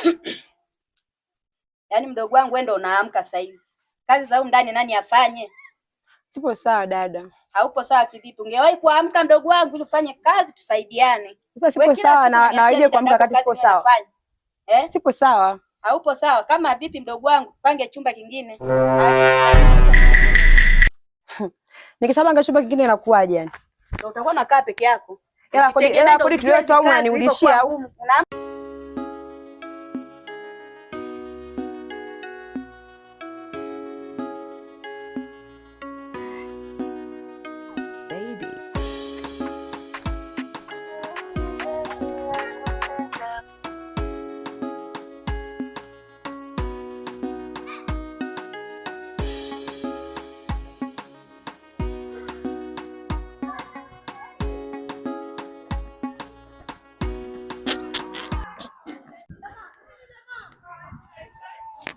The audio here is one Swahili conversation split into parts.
Yaani mdogo wangu wewe ndo unaamka saa hizi, kazi za huko ndani nani afanye? Sipo sawa dada. Haupo sawa kivipi? Ungewahi kuamka mdogo wangu, ili ufanye kazi, tusaidiane. Sasa sipo sawa na na waje kuamka kati, sipo sawa eh? Sipo sawa. Haupo sawa kama vipi mdogo wangu, pange chumba kingine. Nikishapanga chumba kingine inakuwaje yani? Ndio utakuwa unakaa peke yako. Ela kodi kodi tuliotoa unanirudishia au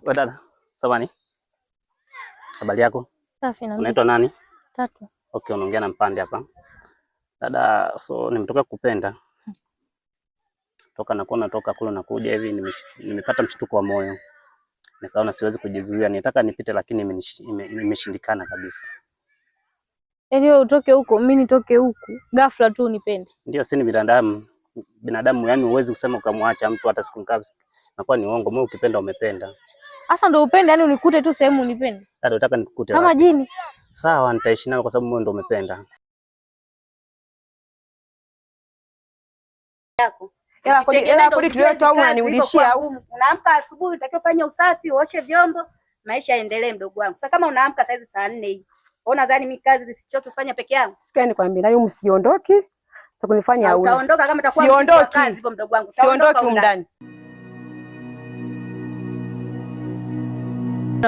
Wewe dada, samani. Habari yako? Safi na. Unaitwa nani? Tatu. Okay, unaongea na Mpande hapa. Dada, so nimetoka kupenda toka nakuwa natoka kule nakuja hivi, nimepata mshtuko wa moyo, nikaona siwezi kujizuia, nitaka nipite, lakini imeshindikana kabisa. Yaani wewe utoke huko, mimi nitoke huku, ghafla tu unipende? Ndio, si ni binadamu binadamu, yani huwezi kusema ukamwacha mtu hata siku ngapi, nakuwa ni uongo. Mimi ukipenda umependa. Asa ndo upende yani unikute tu sehemu unipende. Ndio yaani nataka nikukute. Kama jini. Sawa, nitaishi nawe kwa sababu wewe ndo umependa. Yako. Yala kodi yala kodi tuliotoa au unanirudishia au unaamka asubuhi unatakiwa fanya usafi, uoshe vyombo, maisha yaendelee mdogo wangu. Sasa kama unaamka saizi hizi saa 4 hivi. Wewe nadhani mimi kazi zisichoke kufanya peke yangu? Sikia nikwambie, na yeye msiondoki. Utakunifanya au. Utaondoka kama utakuwa mdogo wangu. Siondoki huko mdogo wangu. Siondoki ndani.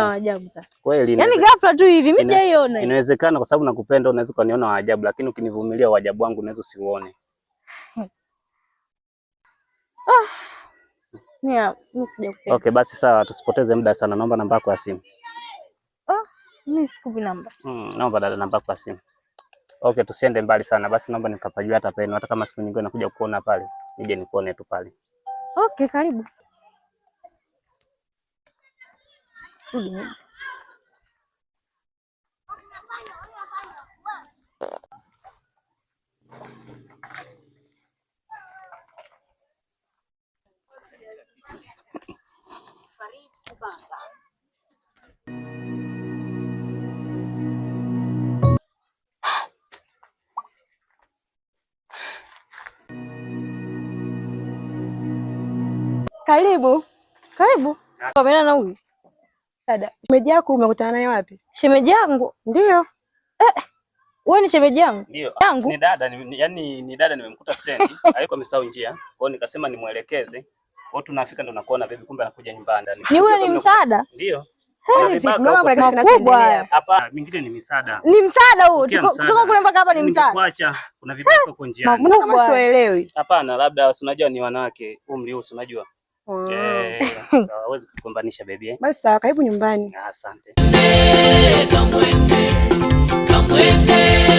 wa ajabu sasa. Kweli. Yaani ghafla tu hivi mimi sijaiona. Inawezekana kwa sababu nakupenda unaweza ukaniona wa ajabu lakini ukinivumilia wa ajabu wangu unaweza usiuone. Ah. Mimi mimi sijakupenda. Okay, basi sawa tusipoteze muda sana. Naomba namba yako ya simu. Ah, mimi sikupi namba. Mm, naomba dada namba yako ya simu. Okay, tusiende mbali sana. Basi naomba nikapajua hata peni hata kama siku nyingine nakuja kuona pale. Nije nikuone tu pale. Okay, karibu. todo mundo. Karibu, karibu, kwa mimi na wewe. Dada, shemeji yako umekutana naye wapi? Shemeji yangu? Ndio. Eh, wewe ni shemeji yangu? Ndio. Yangu. Ni dada, ni, yani ni dada nimemkuta stendi, hayuko misao njia. Kwa hiyo nikasema nimuelekeze. Kwa tunafika ndo nakuona bibi kumbe anakuja nyumbani. Yaani ni yule ni msaada? Ndio. Hapa mingine ni msaada. Ni msaada huu. Tuko kule mpaka hapa ni msaada. Kuacha kuna viboko huko njiani. Kama sielewi. Hapana, labda si unajua ni wanawake, umri huu si unajua. Eh. hawezi kukumbanisha baby. Eh. Basi sawa, karibu nyumbani. Ah, asante. Kamwende, kamwende.